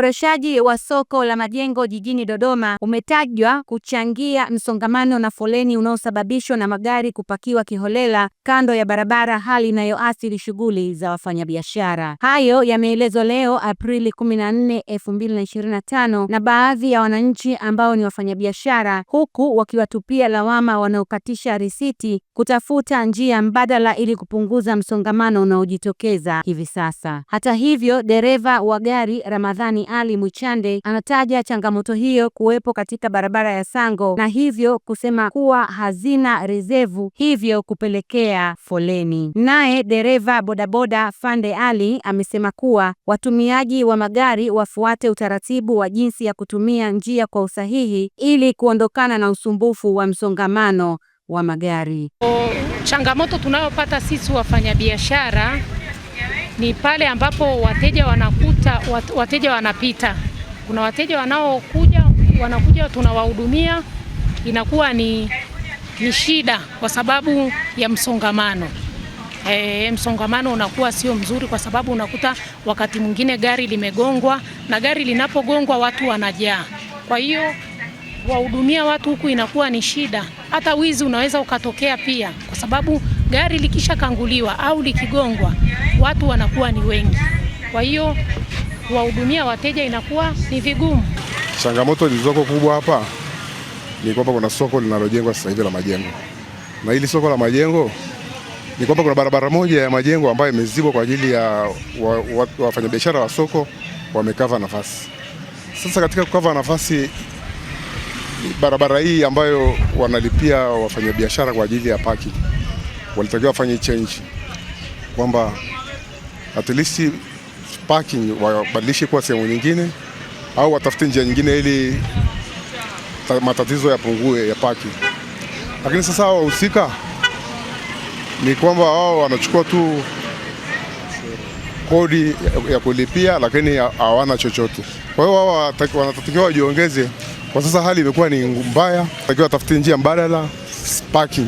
Uboreshaji wa soko la majengo jijini Dodoma umetajwa kuchangia msongamano na foleni unaosababishwa na magari kupakiwa kiholela kando ya barabara, hali inayoathiri shughuli za wafanyabiashara. Hayo yameelezwa leo Aprili 14, 2025 na baadhi ya wananchi ambao ni wafanyabiashara, huku wakiwatupia lawama wanaokatisha risiti kutafuta njia mbadala ili kupunguza msongamano unaojitokeza hivi sasa. Hata hivyo, dereva wa gari Ramadhani ali Mwichande anataja changamoto hiyo kuwepo katika barabara ya Sango na hivyo kusema kuwa hazina rezevu hivyo kupelekea foleni. Naye dereva bodaboda Fande Ali amesema kuwa watumiaji wa magari wafuate utaratibu wa jinsi ya kutumia njia kwa usahihi ili kuondokana na usumbufu wa msongamano wa magari. O, changamoto tunayopata sisi wafanyabiashara ni pale ambapo wateja wanakuta wateja wanapita. Kuna wateja wanaokuja wanakuja, tunawahudumia inakuwa ni, ni shida kwa sababu ya msongamano. E, msongamano unakuwa sio mzuri kwa sababu unakuta wakati mwingine gari limegongwa, na gari linapogongwa watu wanajaa, kwa hiyo wahudumia watu huku inakuwa ni shida. Hata wizi unaweza ukatokea pia kwa sababu Gari likishakanguliwa au likigongwa, watu wanakuwa ni wengi, kwa hiyo kuwahudumia wateja inakuwa ni vigumu. Changamoto zilizoko kubwa hapa ni kwamba kuna soko linalojengwa sasa hivi la majengo, na hili soko la majengo ni kwamba kuna barabara moja ya majengo ambayo imezibwa kwa ajili ya wafanyabiashara wa, wa, wa soko wamekava nafasi. Sasa katika kukava nafasi, barabara hii ambayo wanalipia wafanyabiashara kwa ajili ya paki walitakiwa wafanye change kwamba at least parking wabadilishe kuwa sehemu nyingine au watafute njia nyingine ili matatizo yapungue ya parking. Lakini sasa hao wahusika ni kwamba wao wanachukua tu kodi ya kulipia, lakini hawana chochote. Kwa hiyo wao wanatakiwa wajiongeze. Kwa sasa hali imekuwa ni mbaya, takiwa watafute njia mbadala parking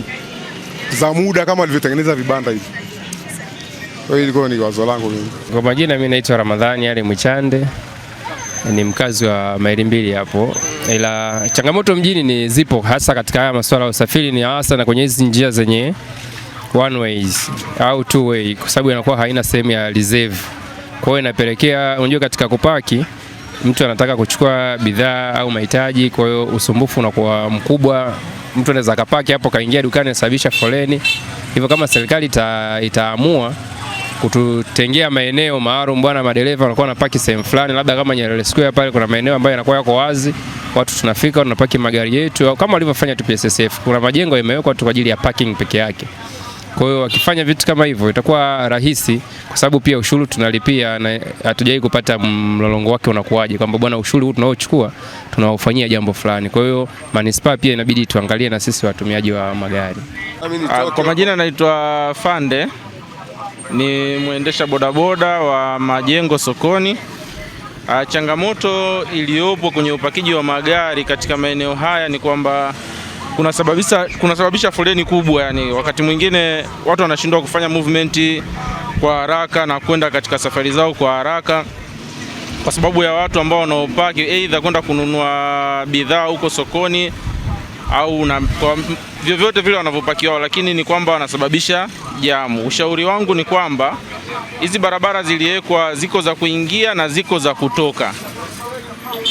za muda kama alivyotengeneza vibanda hivi. Kwa hiyo ilikuwa ni wazo langu mimi. Kwa majina mimi naitwa Ramadhani Ali Mwichande ni mkazi wa maili mbili hapo, ila changamoto mjini ni zipo, hasa katika haya masuala ya usafiri, ni hasa na kwenye hizi njia zenye one ways au two way, kwa sababu inakuwa haina sehemu ya reserve. Kwa hiyo inapelekea, unajua, katika kupaki mtu anataka kuchukua bidhaa au mahitaji, kwa hiyo usumbufu unakuwa mkubwa mtu anaweza akapaki hapo kaingia dukani asababisha foleni. Hivyo kama serikali ita, itaamua kututengea maeneo maalum bwana, madereva wanakuwa wanapaki sehemu fulani, labda kama Nyerere Square pale kuna maeneo ambayo yanakuwa yako wazi, watu tunafika tunapaki magari yetu, kama walivyofanya tu PSSF. Kuna majengo yamewekwa tu kwa ajili ya parking peke yake. Kwa hiyo wakifanya vitu kama hivyo itakuwa rahisi, kwa sababu pia ushuru tunalipia na hatujawai kupata mlolongo wake unakuwaje, kwamba bwana, ushuru huu tunaochukua tunaufanyia jambo fulani. Kwa hiyo manispaa pia inabidi tuangalie na sisi watumiaji wa magari. Ah, kwa majina naitwa Fande, ni mwendesha bodaboda wa Majengo sokoni. Ah, changamoto iliyopo kwenye upakiji wa magari katika maeneo haya ni kwamba kunasababisha kunasababisha foleni kubwa, yani wakati mwingine watu wanashindwa kufanya movement kwa haraka na kwenda katika safari zao kwa haraka kwa sababu ya watu ambao wanaopaki aidha kwenda kununua bidhaa huko sokoni au na, kwa vyovyote vile wanavyopaki wao, lakini ni kwamba wanasababisha jamu. Ushauri wangu ni kwamba hizi barabara ziliwekwa, ziko za kuingia na ziko za kutoka.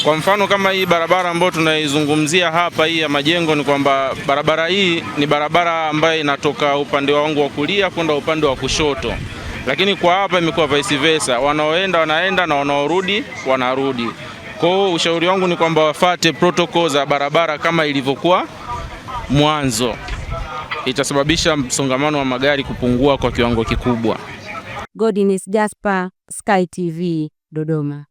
Kwa mfano kama hii barabara ambayo tunaizungumzia hapa hii ya majengo, ni kwamba barabara hii ni barabara ambayo inatoka upande wangu wa kulia kwenda upande wa kushoto, lakini kwa hapa imekuwa vice versa, wanaoenda wanaenda na wanaorudi wanarudi. Kwa hiyo ushauri wangu ni kwamba wafate protocol za barabara kama ilivyokuwa mwanzo, itasababisha msongamano wa magari kupungua kwa kiwango kikubwa. Godinis Jasper, Sky TV, Dodoma.